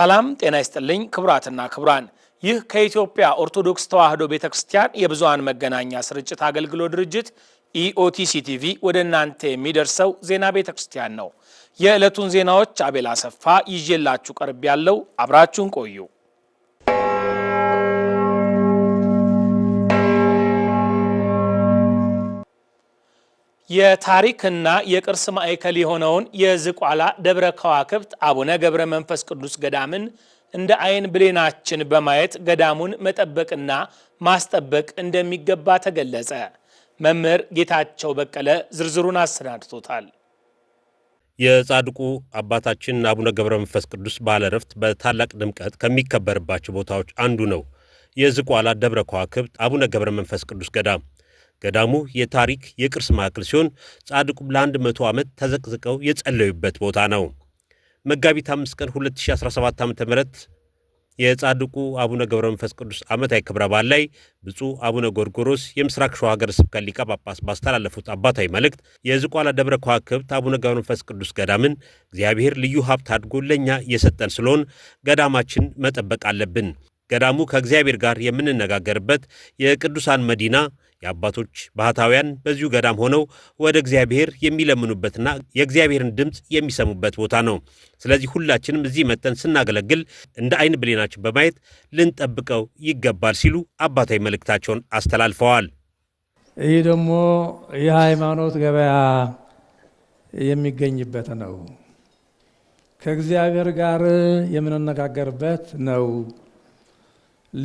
ሰላም ጤና ይስጥልኝ ክቡራትና ክቡራን፣ ይህ ከኢትዮጵያ ኦርቶዶክስ ተዋሕዶ ቤተ ክርስቲያን የብዙሃን መገናኛ ስርጭት አገልግሎት ድርጅት ኢኦቲሲ ቲቪ ወደ እናንተ የሚደርሰው ዜና ቤተ ክርስቲያን ነው። የዕለቱን ዜናዎች አቤል አሰፋ ይዤላችሁ ቀርብ ያለው አብራችሁን ቆዩ። የታሪክና የቅርስ ማዕከል የሆነውን የዝቋላ ደብረ ከዋክብት አቡነ ገብረ መንፈስ ቅዱስ ገዳምን እንደ አይን ብሌናችን በማየት ገዳሙን መጠበቅና ማስጠበቅ እንደሚገባ ተገለጸ። መምህር ጌታቸው በቀለ ዝርዝሩን አሰናድቶታል። የጻድቁ አባታችን አቡነ ገብረ መንፈስ ቅዱስ ባለረፍት በታላቅ ድምቀት ከሚከበርባቸው ቦታዎች አንዱ ነው የዝቋላ ደብረ ከዋክብት አቡነ ገብረ መንፈስ ቅዱስ ገዳም። ገዳሙ የታሪክ የቅርስ ማዕከል ሲሆን ጻድቁ ለአንድ መቶ ዓመት ተዘቅዝቀው የጸለዩበት ቦታ ነው። መጋቢት 5 ቀን 2017 ዓ ም የጻድቁ አቡነ ገብረ መንፈስ ቅዱስ ዓመታዊ ክብረ በዓል ላይ ብፁዕ አቡነ ጎርጎሮስ የምስራቅ ሸዋ ሀገረ ስብከት ሊቀ ጳጳስ ባስተላለፉት አባታዊ መልእክት የዝቋላ ደብረ ከዋክብት አቡነ ገብረ መንፈስ ቅዱስ ገዳምን እግዚአብሔር ልዩ ሀብት አድጎ ለእኛ የሰጠን ስለሆን ገዳማችን መጠበቅ አለብን። ገዳሙ ከእግዚአብሔር ጋር የምንነጋገርበት የቅዱሳን መዲና የአባቶች ባህታውያን በዚሁ ገዳም ሆነው ወደ እግዚአብሔር የሚለምኑበትና የእግዚአብሔርን ድምፅ የሚሰሙበት ቦታ ነው። ስለዚህ ሁላችንም እዚህ መጠን ስናገለግል እንደ አይን ብሌናችን በማየት ልንጠብቀው ይገባል ሲሉ አባታዊ መልእክታቸውን አስተላልፈዋል። ይህ ደግሞ የሃይማኖት ገበያ የሚገኝበት ነው። ከእግዚአብሔር ጋር የምንነጋገርበት ነው።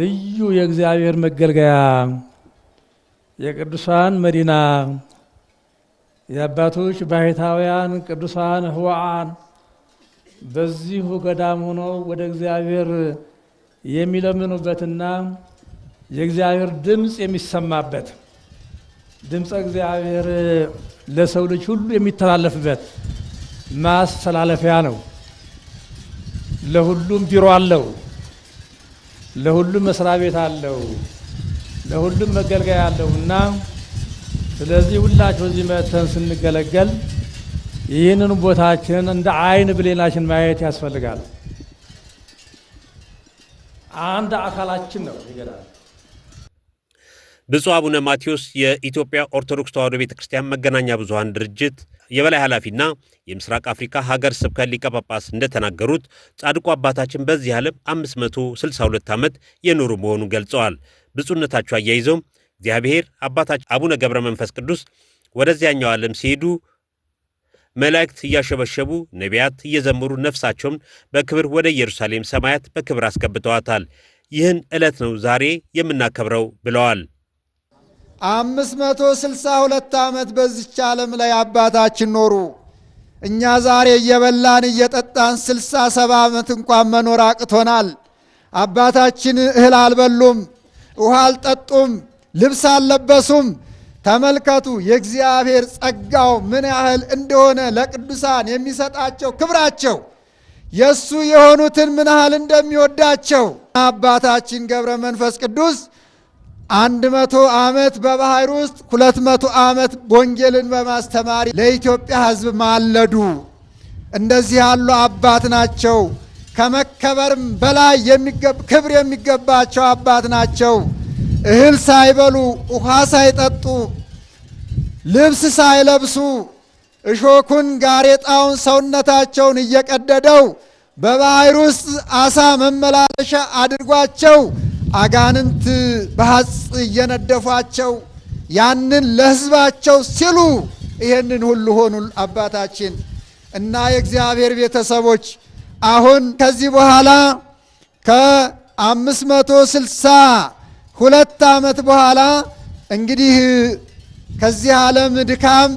ልዩ የእግዚአብሔር መገልገያ የቅዱሳን መዲና የአባቶች ባህታውያን ቅዱሳን ህዋዓን በዚሁ ገዳም ሆነው ወደ እግዚአብሔር የሚለምኑበትና የእግዚአብሔር ድምፅ የሚሰማበት ድምፀ እግዚአብሔር ለሰው ልጅ ሁሉ የሚተላለፍበት ማስተላለፊያ ነው። ለሁሉም ቢሮ አለው። ለሁሉም መስሪያ ቤት አለው። ለሁሉም መገልገያ አለሁና ስለዚህ ሁላችሁ እዚህ መተን ስንገለገል ይህንን ቦታችን እንደ አይን ብሌናችን ማየት ያስፈልጋል። አንድ አካላችን ነው ይገላል። ብፁዕ አቡነ ማቴዎስ የኢትዮጵያ ኦርቶዶክስ ተዋሕዶ ቤተ ክርስቲያን መገናኛ ብዙኃን ድርጅት የበላይ ኃላፊና የምስራቅ አፍሪካ ሀገር ስብከት ሊቀ ጳጳስ እንደተናገሩት ጻድቁ አባታችን በዚህ ዓለም 562 ዓመት የኖሩ መሆኑን ገልጸዋል። ብፁዕነታቸው አያይዘው እግዚአብሔር አባታቸው አቡነ ገብረ መንፈስ ቅዱስ ወደዚያኛው ዓለም ሲሄዱ መላእክት እያሸበሸቡ ነቢያት እየዘመሩ ነፍሳቸውን በክብር ወደ ኢየሩሳሌም ሰማያት በክብር አስገብተዋታል። ይህን ዕለት ነው ዛሬ የምናከብረው ብለዋል። አምስት መቶ ስልሳ ሁለት ዓመት በዚች ዓለም ላይ አባታችን ኖሩ። እኛ ዛሬ እየበላን እየጠጣን ስልሳ ሰባ ዓመት እንኳን መኖር አቅቶናል። አባታችን እህል አልበሉም። ውሃ አልጠጡም፣ ልብስ አልለበሱም። ተመልከቱ የእግዚአብሔር ጸጋው ምን ያህል እንደሆነ ለቅዱሳን የሚሰጣቸው ክብራቸው የእሱ የሆኑትን ምን ያህል እንደሚወዳቸው አባታችን ገብረ መንፈስ ቅዱስ አንድ መቶ ዓመት በባህር ውስጥ ሁለት መቶ ዓመት ወንጌልን በማስተማር ለኢትዮጵያ ሕዝብ ማለዱ። እንደዚህ ያሉ አባት ናቸው። ከመከበርም በላይ ክብር የሚገባቸው አባት ናቸው። እህል ሳይበሉ ውሃ ሳይጠጡ ልብስ ሳይለብሱ እሾኩን ጋሬጣውን ሰውነታቸውን እየቀደደው በባህር ውስጥ አሳ መመላለሻ አድርጓቸው አጋንንት በሐጽ እየነደፏቸው ያንን ለሕዝባቸው ሲሉ ይህንን ሁሉ ሆኑ አባታችን እና የእግዚአብሔር ቤተሰቦች አሁን ከዚህ በኋላ ከአምስት መቶ ስልሳ ሁለት ዓመት በኋላ እንግዲህ ከዚህ ዓለም ድካም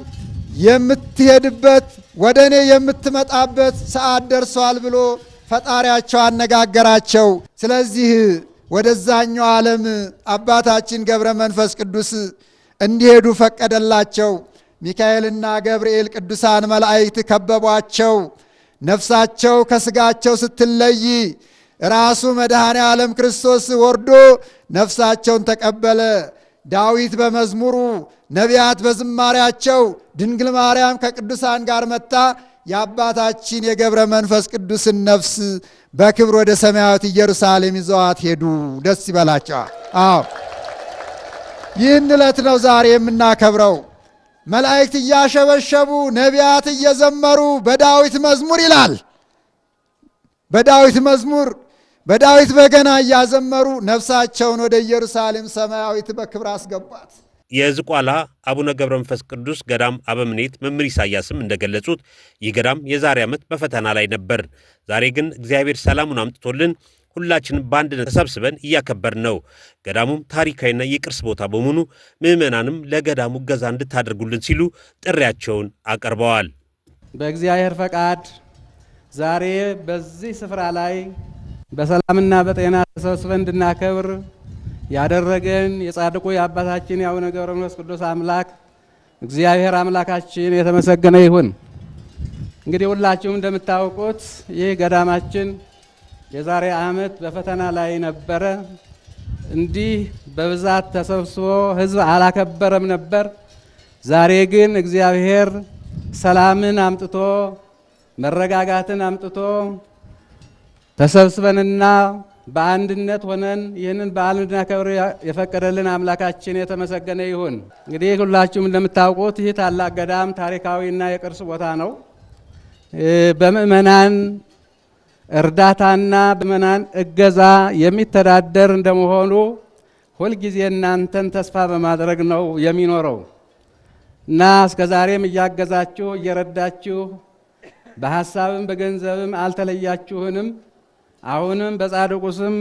የምትሄድበት ወደ እኔ የምትመጣበት ሰዓት ደርሷል ብሎ ፈጣሪያቸው አነጋገራቸው። ስለዚህ ወደዛኛው ዓለም አባታችን ገብረ መንፈስ ቅዱስ እንዲሄዱ ፈቀደላቸው። ሚካኤልና ገብርኤል ቅዱሳን መላእክት ከበቧቸው። ነፍሳቸው ከስጋቸው ስትለይ ራሱ መድኃኔ ዓለም ክርስቶስ ወርዶ ነፍሳቸውን ተቀበለ። ዳዊት በመዝሙሩ ነቢያት በዝማሪያቸው ድንግል ማርያም ከቅዱሳን ጋር መጥታ የአባታችን የገብረ መንፈስ ቅዱስን ነፍስ በክብር ወደ ሰማያዊት ኢየሩሳሌም ይዘዋት ሄዱ። ደስ ይበላቸዋል። አዎ ይህን ዕለት ነው ዛሬ የምናከብረው። መላእክት እያሸበሸቡ ነቢያት እየዘመሩ በዳዊት መዝሙር ይላል። በዳዊት መዝሙር በዳዊት በገና እያዘመሩ ነፍሳቸውን ወደ ኢየሩሳሌም ሰማያዊት በክብር አስገቧት። የዝቋላ አቡነ ገብረ መንፈስ ቅዱስ ገዳም አበምኔት መምህር ኢሳያስም እንደገለጹት ይህ ገዳም የዛሬ ዓመት በፈተና ላይ ነበር። ዛሬ ግን እግዚአብሔር ሰላሙን አምጥቶልን ሁላችንም በአንድነት ተሰብስበን እያከበርን ነው። ገዳሙም ታሪካዊና የቅርስ ቦታ በመሆኑ ምዕመናንም ለገዳሙ እገዛ እንድታደርጉልን ሲሉ ጥሪያቸውን አቀርበዋል። በእግዚአብሔር ፈቃድ ዛሬ በዚህ ስፍራ ላይ በሰላምና በጤና ተሰብስበን እንድናከብር ያደረገን የጻድቁ የአባታችን የአቡነ ገብረ መንፈስ ቅዱስ አምላክ እግዚአብሔር አምላካችን የተመሰገነ ይሁን። እንግዲህ ሁላችሁም እንደምታውቁት ይህ ገዳማችን የዛሬ ዓመት በፈተና ላይ ነበረ። እንዲህ በብዛት ተሰብስቦ ህዝብ አላከበረም ነበር። ዛሬ ግን እግዚአብሔር ሰላምን አምጥቶ መረጋጋትን አምጥቶ ተሰብስበንና በአንድነት ሆነን ይህንን በዓል እንድናከብር የፈቀደልን አምላካችን የተመሰገነ ይሁን። እንግዲህ ሁላችሁም እንደምታውቁት ይህ ታላቅ ገዳም ታሪካዊና የቅርስ ቦታ ነው። በምእመናን እርዳታና በመናን እገዛ የሚተዳደር እንደመሆኑ ሁልጊዜ እናንተን ተስፋ በማድረግ ነው የሚኖረው እና እስከ ዛሬም እያገዛችሁ እየረዳችሁ በሀሳብም በገንዘብም አልተለያችሁንም። አሁንም በጻድቁ ስም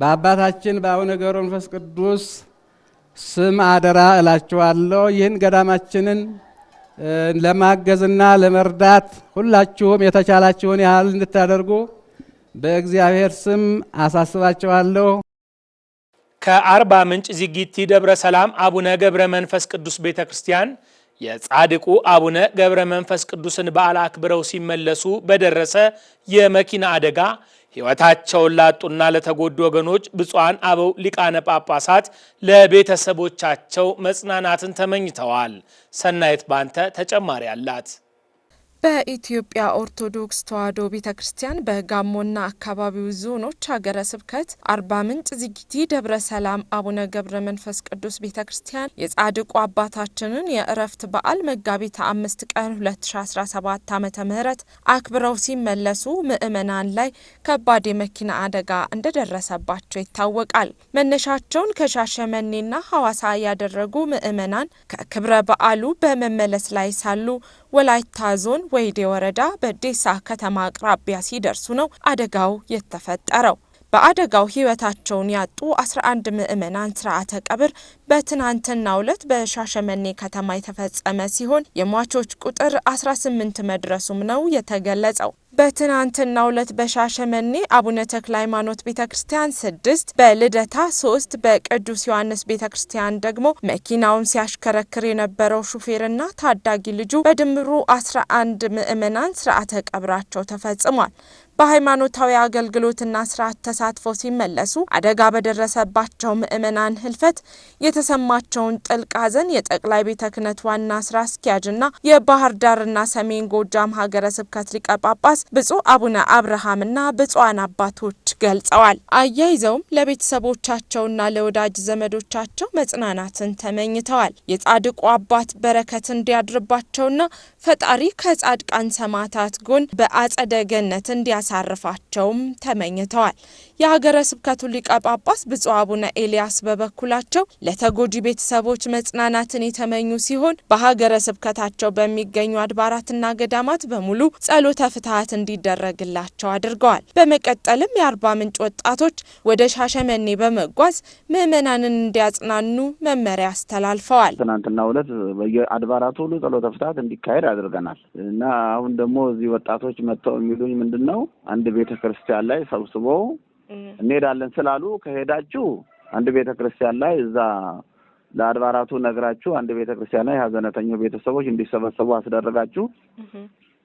በአባታችን በአቡነ ገብረ መንፈስ ቅዱስ ስም አደራ እላችኋለሁ ይህን ገዳማችንን ለማገዝና ለመርዳት ሁላችሁም የተቻላችሁን ያህል እንድታደርጉ በእግዚአብሔር ስም አሳስባችኋለሁ። ከአርባ ምንጭ ዚጊቲ ደብረ ሰላም አቡነ ገብረ መንፈስ ቅዱስ ቤተ ክርስቲያን የጻድቁ አቡነ ገብረ መንፈስ ቅዱስን በዓል አክብረው ሲመለሱ በደረሰ የመኪና አደጋ ሕይወታቸውን ላጡና ለተጎዱ ወገኖች ብፁዓን አበው ሊቃነ ጳጳሳት ለቤተሰቦቻቸው መጽናናትን ተመኝተዋል። ሰናይት ባንተ ተጨማሪ አላት። በኢትዮጵያ ኦርቶዶክስ ተዋሕዶ ቤተ ክርስቲያን በጋሞና አካባቢው ዞኖች ሀገረ ስብከት አርባ ምንጭ ዝጊቲ ደብረ ሰላም አቡነ ገብረ መንፈስ ቅዱስ ቤተ ክርስቲያን የጻድቁ አባታችንን የእረፍት በዓል መጋቢት አምስት ቀን 2017 ዓ.ም አክብረው ሲመለሱ ምዕመናን ላይ ከባድ የመኪና አደጋ እንደደረሰባቸው ይታወቃል። መነሻቸውን ከሻሸመኔና ሐዋሳ ያደረጉ ምዕመናን ከክብረ በዓሉ በመመለስ ላይ ሳሉ ወላይታ ዞን ወይዴ ወረዳ በዴሳ ከተማ አቅራቢያ ሲደርሱ ነው አደጋው የተፈጠረው። በአደጋው ህይወታቸውን ያጡ 11 ምዕመናን ስርዓተ ቀብር በትናንትናው ዕለት በሻሸመኔ ከተማ የተፈጸመ ሲሆን የሟቾች ቁጥር 18 መድረሱም ነው የተገለጸው። በትናንትናው ዕለት በሻሸመኔ አቡነ ተክለ ሃይማኖት ቤተ ክርስቲያን ስድስት በልደታ ሶስት በቅዱስ ዮሐንስ ቤተ ክርስቲያን ደግሞ መኪናውን ሲያሽከረክር የነበረው ሹፌርና ታዳጊ ልጁ በድምሩ አስራ አንድ ምዕመናን ስርዓተ ቀብራቸው ተፈጽሟል። በሃይማኖታዊ አገልግሎትና ስርዓት ተሳትፈው ሲመለሱ አደጋ በደረሰባቸው ምዕመናን ህልፈት የተሰማቸውን ጥልቅ ሐዘን የጠቅላይ ቤተ ክህነት ዋና ስራ አስኪያጅና የባህር ዳርና ሰሜን ጎጃም ሀገረ ስብከት ሊቀ ጳጳስ ብፁዕ አቡነ አብርሃምና ብፁዓን አባቶች ገልጸዋል። አያይዘውም ለቤተሰቦቻቸውና ለወዳጅ ዘመዶቻቸው መጽናናትን ተመኝተዋል። የጻድቁ አባት በረከት እንዲያድርባቸውና ፈጣሪ ከጻድቃን ሰማዕታት ጎን በአጸደ ገነት እንዲያ እንዲያሳርፋቸውም ተመኝተዋል። የሀገረ ስብከቱ ሊቀ ጳጳስ ብፁዕ አቡነ ኤልያስ በበኩላቸው ለተጎጂ ቤተሰቦች መጽናናትን የተመኙ ሲሆን በሀገረ ስብከታቸው በሚገኙ አድባራትና ገዳማት በሙሉ ጸሎተ ፍትሐት እንዲደረግላቸው አድርገዋል። በመቀጠልም የአርባ ምንጭ ወጣቶች ወደ ሻሸመኔ በመጓዝ ምዕመናንን እንዲያጽናኑ መመሪያ አስተላልፈዋል። ትናንትና ሁለት በየአድባራቱ ሁሉ ጸሎተ ፍትሐት እንዲካሄድ አድርገናል እና አሁን ደግሞ እዚህ ወጣቶች መጥተው የሚሉኝ ምንድን ነው አንድ ቤተ ክርስቲያን ላይ ሰብስበው እንሄዳለን ስላሉ ከሄዳችሁ አንድ ቤተ ክርስቲያን ላይ እዛ ለአድባራቱ ነግራችሁ አንድ ቤተ ክርስቲያን ላይ ሀዘነተኞች ቤተሰቦች እንዲሰበሰቡ አስደረጋችሁ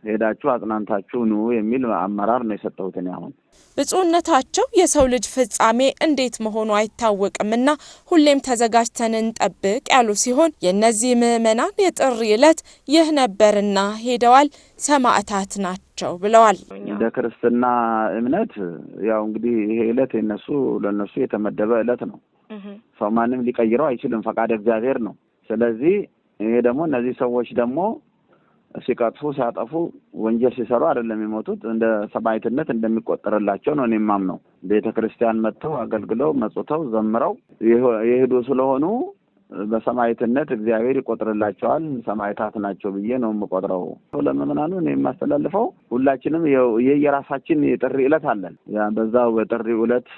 ሄዳችሁ አጽናንታችሁ ኑ የሚል አመራር ነው የሰጠሁት። እኔ አሁን ብፁዕነታቸው የሰው ልጅ ፍጻሜ እንዴት መሆኑ አይታወቅምና ሁሌም ተዘጋጅተን እንጠብቅ ያሉ ሲሆን የእነዚህ ምዕመናን የጥሪ ዕለት ይህ ነበርና ሄደዋል። ሰማዕታት ናቸው ብለዋል። እንደ ክርስትና እምነት ያው እንግዲህ ይሄ ዕለት የነሱ ለነሱ የተመደበ ዕለት ነው። ሰው ማንም ሊቀይረው አይችልም። ፈቃድ እግዚአብሔር ነው። ስለዚህ ይሄ ደግሞ እነዚህ ሰዎች ደግሞ ሲቀጥፉ ሲያጠፉ ወንጀል ሲሰሩ አይደለም የሞቱት እንደ ሰማዕትነት እንደሚቆጠርላቸው ነው እኔ ማምነው ቤተ ክርስቲያን መጥተው አገልግለው መጽተው ዘምረው የሄዱ ስለሆኑ በሰማዕትነት እግዚአብሔር ይቆጥርላቸዋል። ሰማዕታት ናቸው ብዬ ነው የምቆጥረው። ለምእመናኑ እኔ የማስተላልፈው ሁላችንም የየራሳችን የጥሪ ዕለት አለን። በዛው በጥሪ ዕለት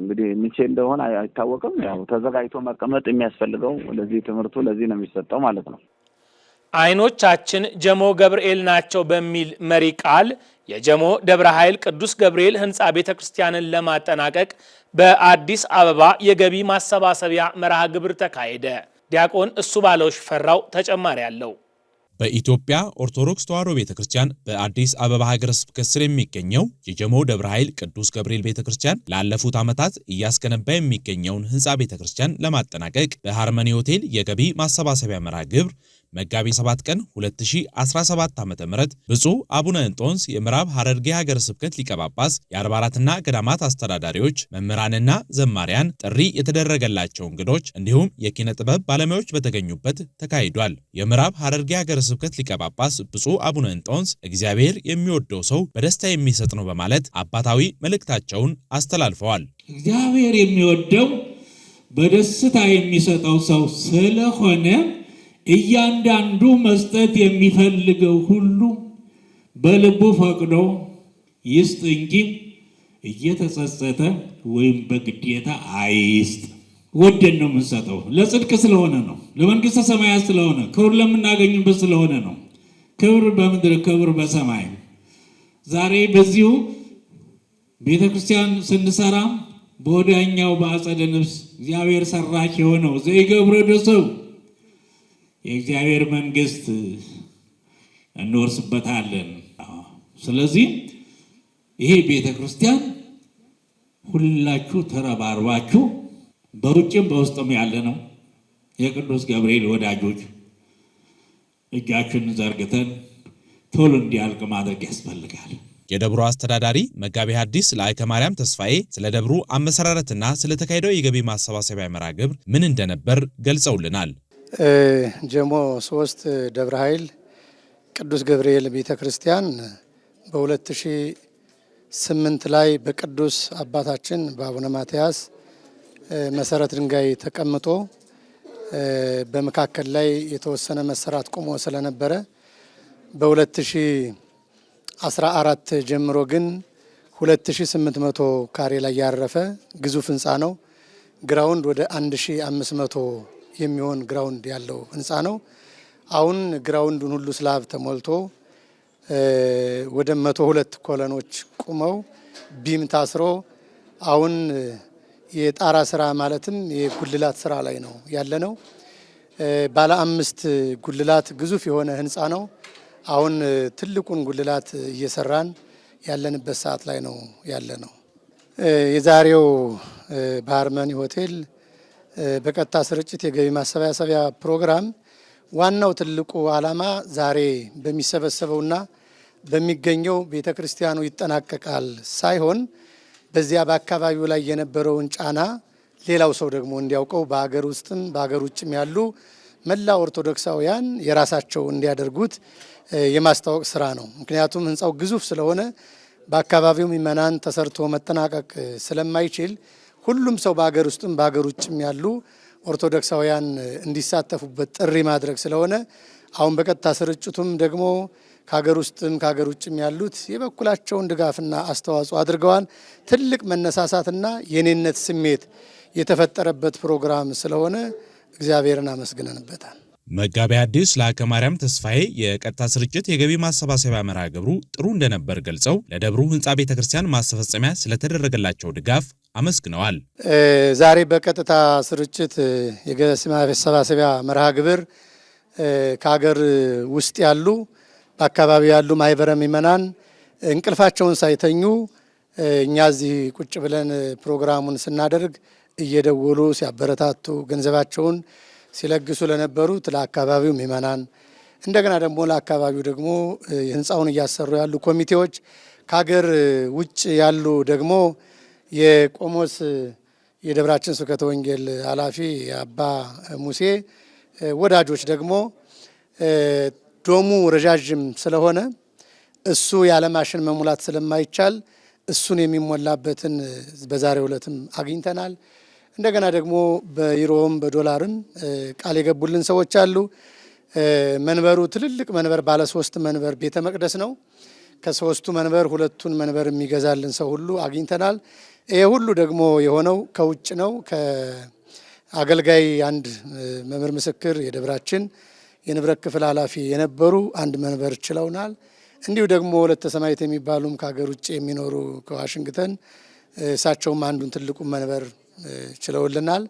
እንግዲህ ምቼ እንደሆነ አይታወቅም። ያው ተዘጋጅቶ መቀመጥ የሚያስፈልገው ለዚህ ትምህርቱ ለዚህ ነው የሚሰጠው ማለት ነው። አይኖቻችን ጀሞ ገብርኤል ናቸው በሚል መሪ ቃል የጀሞ ደብረ ኃይል ቅዱስ ገብርኤል ህንፃ ቤተ ክርስቲያንን ለማጠናቀቅ በአዲስ አበባ የገቢ ማሰባሰቢያ መርሃ ግብር ተካሄደ። ዲያቆን እሱ ባለው ሽፈራው ተጨማሪ አለው። በኢትዮጵያ ኦርቶዶክስ ተዋሕዶ ቤተ ክርስቲያን በአዲስ አበባ ሀገረ ስብከት ስር የሚገኘው የጀሞ ደብረ ኃይል ቅዱስ ገብርኤል ቤተ ክርስቲያን ላለፉት ዓመታት እያስገነባ የሚገኘውን ህንፃ ቤተ ክርስቲያን ለማጠናቀቅ በሃርመኒ ሆቴል የገቢ ማሰባሰቢያ መርሃ ግብር መጋቢት 7 ቀን 2017 ዓ.ም ብፁዕ አቡነ እንጦንስ የምዕራብ ሐረርጌ ሀገረ ስብከት ሊቀ ጳጳስ የአድባራትና ገዳማት አስተዳዳሪዎች፣ መምህራንና ዘማሪያን፣ ጥሪ የተደረገላቸው እንግዶች እንዲሁም የኪነ ጥበብ ባለሙያዎች በተገኙበት ተካሂዷል። የምዕራብ ሐረርጌ ሀገረ ስብከት ሊቀ ጳጳስ ብፁዕ አቡነ እንጦንስ እግዚአብሔር የሚወደው ሰው በደስታ የሚሰጥ ነው በማለት አባታዊ መልእክታቸውን አስተላልፈዋል። እግዚአብሔር የሚወደው በደስታ የሚሰጠው ሰው ስለሆነ እያንዳንዱ መስጠት የሚፈልገው ሁሉ በልቡ ፈቅዶ ይስጥ እንጂ እየተጸጸተ ወይም በግዴታ አይስጥ። ወደን ነው የምንሰጠው። ለጽድቅ ስለሆነ ነው፣ ለመንግስተ ሰማያት ስለሆነ ክብር ለምናገኝበት ስለሆነ ነው። ክብር በምድር ክብር በሰማይ። ዛሬ በዚሁ ቤተ ክርስቲያን ስንሰራ በወዳኛው በአጸደ ንብስ እግዚአብሔር ሰራች የሆነው ዘይገብረ ደሰው የእግዚአብሔር መንግስት እንወርስበታለን። ስለዚህ ይሄ ቤተ ክርስቲያን ሁላችሁ ተረባርባችሁ በውጭም በውስጥም ያለ ነው የቅዱስ ገብርኤል ወዳጆች እጃችን ዘርግተን ቶሎ እንዲያልቅ ማድረግ ያስፈልጋል። የደብሩ አስተዳዳሪ መጋቤ ሐዲስ ለአይከ ማርያም ተስፋዬ ስለ ደብሩ አመሰራረትና ስለተካሄደው የገቢ ማሰባሰቢያ መርሃ ግብር ምን እንደነበር ገልጸውልናል። ጀሞ ሶስት ደብረ ኃይል ቅዱስ ገብርኤል ቤተ ክርስቲያን በ2008 ላይ በቅዱስ አባታችን በአቡነ ማትያስ መሰረት ድንጋይ ተቀምጦ በመካከል ላይ የተወሰነ መሰራት ቆሞ ስለነበረ በ2014 ጀምሮ ግን 2800 ካሬ ላይ ያረፈ ግዙፍ ህንፃ ነው። ግራውንድ ወደ 1500 የሚሆን ግራውንድ ያለው ህንፃ ነው። አሁን ግራውንዱን ሁሉ ስላብ ተሞልቶ ወደ መቶ ሁለት ኮለኖች ቁመው ቢም ታስሮ አሁን የጣራ ስራ ማለትም የጉልላት ስራ ላይ ነው ያለ ነው። ባለ አምስት ጉልላት ግዙፍ የሆነ ህንፃ ነው። አሁን ትልቁን ጉልላት እየሰራን ያለንበት ሰዓት ላይ ነው ያለ ነው። የዛሬው ባህርመኒ ሆቴል በቀጥታ ስርጭት የገቢ ማሰባሰቢያ ፕሮግራም ዋናው ትልቁ ዓላማ ዛሬ በሚሰበሰበውና በሚገኘው ቤተ ክርስቲያኑ ይጠናቀቃል ሳይሆን በዚያ በአካባቢው ላይ የነበረውን ጫና ሌላው ሰው ደግሞ እንዲያውቀው በሀገር ውስጥም በሀገር ውጭም ያሉ መላ ኦርቶዶክሳውያን የራሳቸው እንዲያደርጉት የማስታወቅ ስራ ነው። ምክንያቱም ህንፃው ግዙፍ ስለሆነ በአካባቢው ምእመናን ተሰርቶ መጠናቀቅ ስለማይችል ሁሉም ሰው በሀገር ውስጥም በሀገር ውጭም ያሉ ኦርቶዶክሳውያን እንዲሳተፉበት ጥሪ ማድረግ ስለሆነ አሁን በቀጥታ ስርጭቱም ደግሞ ከሀገር ውስጥም ከሀገር ውጭም ያሉት የበኩላቸውን ድጋፍና አስተዋጽኦ አድርገዋል። ትልቅ መነሳሳትና የኔነት ስሜት የተፈጠረበት ፕሮግራም ስለሆነ እግዚአብሔርን አመስግነንበታል። መጋቢያ ሐዲስ ለአቀ ማርያም ተስፋዬ የቀጥታ ስርጭት የገቢ ማሰባሰቢያ መርሃ ግብሩ ጥሩ እንደነበር ገልጸው ለደብሩ ህንፃ ቤተ ክርስቲያን ማስፈጸሚያ ስለተደረገላቸው ድጋፍ አመስግነዋል። ዛሬ በቀጥታ ስርጭት የገቢ ማሰባሰቢያ መርሃ ግብር ከሀገር ውስጥ ያሉ በአካባቢው ያሉ ማህበረ ምዕመናን እንቅልፋቸውን ሳይተኙ እኛ እዚህ ቁጭ ብለን ፕሮግራሙን ስናደርግ እየደወሉ ሲያበረታቱ ገንዘባቸውን ሲለግሱ ለነበሩት ለአካባቢው ምዕመናን እንደገና ደግሞ ለአካባቢው ደግሞ ህንፃውን እያሰሩ ያሉ ኮሚቴዎች ከሀገር ውጭ ያሉ ደግሞ የቆሞስ የደብራችን ስብከተ ወንጌል ኃላፊ አባ ሙሴ ወዳጆች ደግሞ ዶሙ ረዣዥም ስለሆነ እሱ ያለ ማሽን መሙላት ስለማይቻል እሱን የሚሞላበትን በዛሬው ዕለትም አግኝተናል። እንደገና ደግሞ በዩሮም በዶላርም ቃል የገቡልን ሰዎች አሉ። መንበሩ ትልልቅ መንበር ባለ ሶስት መንበር ቤተ መቅደስ ነው። ከሶስቱ መንበር ሁለቱን መንበር የሚገዛልን ሰው ሁሉ አግኝተናል። ይሄ ሁሉ ደግሞ የሆነው ከውጭ ነው። ከአገልጋይ አንድ መምህር ምስክር የደብራችን የንብረት ክፍል ኃላፊ የነበሩ አንድ መንበር ችለውናል። እንዲሁ ደግሞ ወለተ ሰማዕት የሚባሉም ከሀገር ውጭ የሚኖሩ ከዋሽንግተን እሳቸውም አንዱን ትልቁ መንበር ችለውልናል።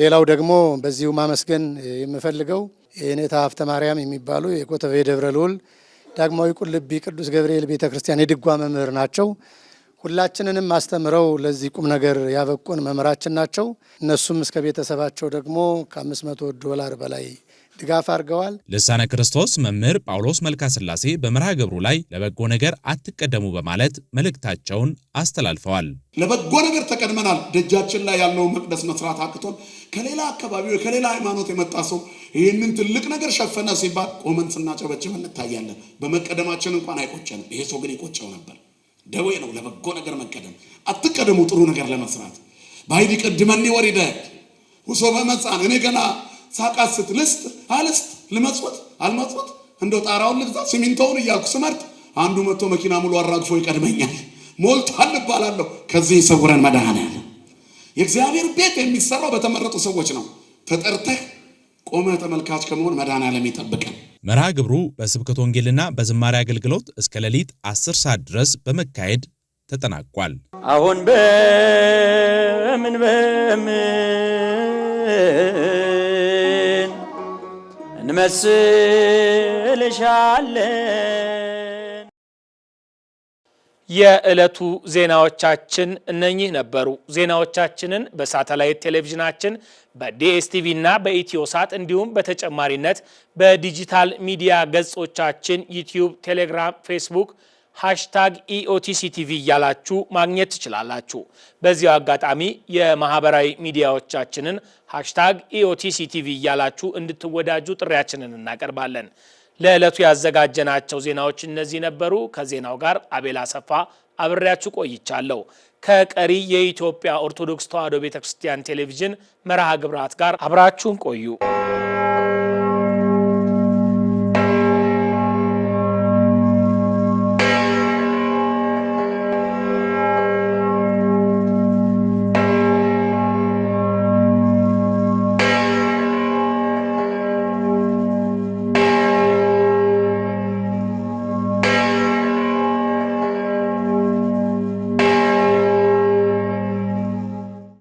ሌላው ደግሞ በዚሁ ማመስገን የምፈልገው የኔታ ሀብተ ማርያም የሚባሉ የኮተቤ ደብረ ልዑል ዳግማዊ ቁልቢ ቅዱስ ገብርኤል ቤተ ክርስቲያን የድጓ መምህር ናቸው። ሁላችንንም አስተምረው ለዚህ ቁም ነገር ያበቁን መምህራችን ናቸው። እነሱም እስከ ቤተሰባቸው ደግሞ ከ500 ዶላር በላይ ድጋፍ አድርገዋል። ልሳነ ክርስቶስ መምህር ጳውሎስ መልካስላሴ በመርሃ ግብሩ ላይ ለበጎ ነገር አትቀደሙ በማለት መልእክታቸውን አስተላልፈዋል። ለበጎ ነገር ተቀድመናል። ደጃችን ላይ ያለው መቅደስ መስራት አቅቶን ከሌላ አካባቢ ከሌላ ሃይማኖት የመጣ ሰው ይህንን ትልቅ ነገር ሸፈነ ሲባል ቆመን ስናጨበጭብ እንታያለን። በመቀደማችን እንኳን አይቆጨንም። ይሄ ሰው ግን ይቆጨው ነበር። ደዌ ነው ለበጎ ነገር መቀደም። አትቀደሙ ጥሩ ነገር ለመስራት ባይድ ቅድመኒ ወሪደ ሁሶ በመጻን እኔ ገና ሳቃስት ልስጥ አልስጥ ልመጽወት አልመጽወት እንደው ጣራውን ልግዛ ሲሚንቶውን እያልኩ ስመርጥ አንዱ መጥቶ መኪና ሙሉ አራግፎ ይቀድመኛል። ሞልቷል እባላለሁ። ከዚህ ይሰውረን መድኃኔዓለም። የእግዚአብሔር ቤት የሚሰራው በተመረጡ ሰዎች ነው። ተጠርተህ ቆመህ ተመልካች ከመሆን መድኃኔዓለም ይጠብቀን። መርሃ ግብሩ በስብከት ወንጌልና በዝማሬ አገልግሎት እስከ ሌሊት 10 ሰዓት ድረስ በመካሄድ ተጠናቋል። አሁን በምን በምን እንመስልሻለን። የዕለቱ ዜናዎቻችን እነኚህ ነበሩ። ዜናዎቻችንን በሳተላይት ቴሌቪዥናችን በዲኤስቲቪ እና በኢትዮ ሳት እንዲሁም በተጨማሪነት በዲጂታል ሚዲያ ገጾቻችን ዩቲዩብ፣ ቴሌግራም፣ ፌስቡክ ሃሽታግ ኢኦቲሲቲቪ እያላችሁ ማግኘት ትችላላችሁ። በዚያው አጋጣሚ የማህበራዊ ሚዲያዎቻችንን ሃሽታግ ቲቪ እያላችሁ እንድትወዳጁ ጥሪያችንን እናቀርባለን። ለዕለቱ ያዘጋጀናቸው ዜናዎች እነዚህ ነበሩ። ከዜናው ጋር አቤል አሰፋ አብሬያችሁ ቆይቻለሁ። ከቀሪ የኢትዮጵያ ኦርቶዶክስ ተዋሕዶ ቤተክርስቲያን ቴሌቪዥን መርሃ ግብራት ጋር አብራችሁን ቆዩ።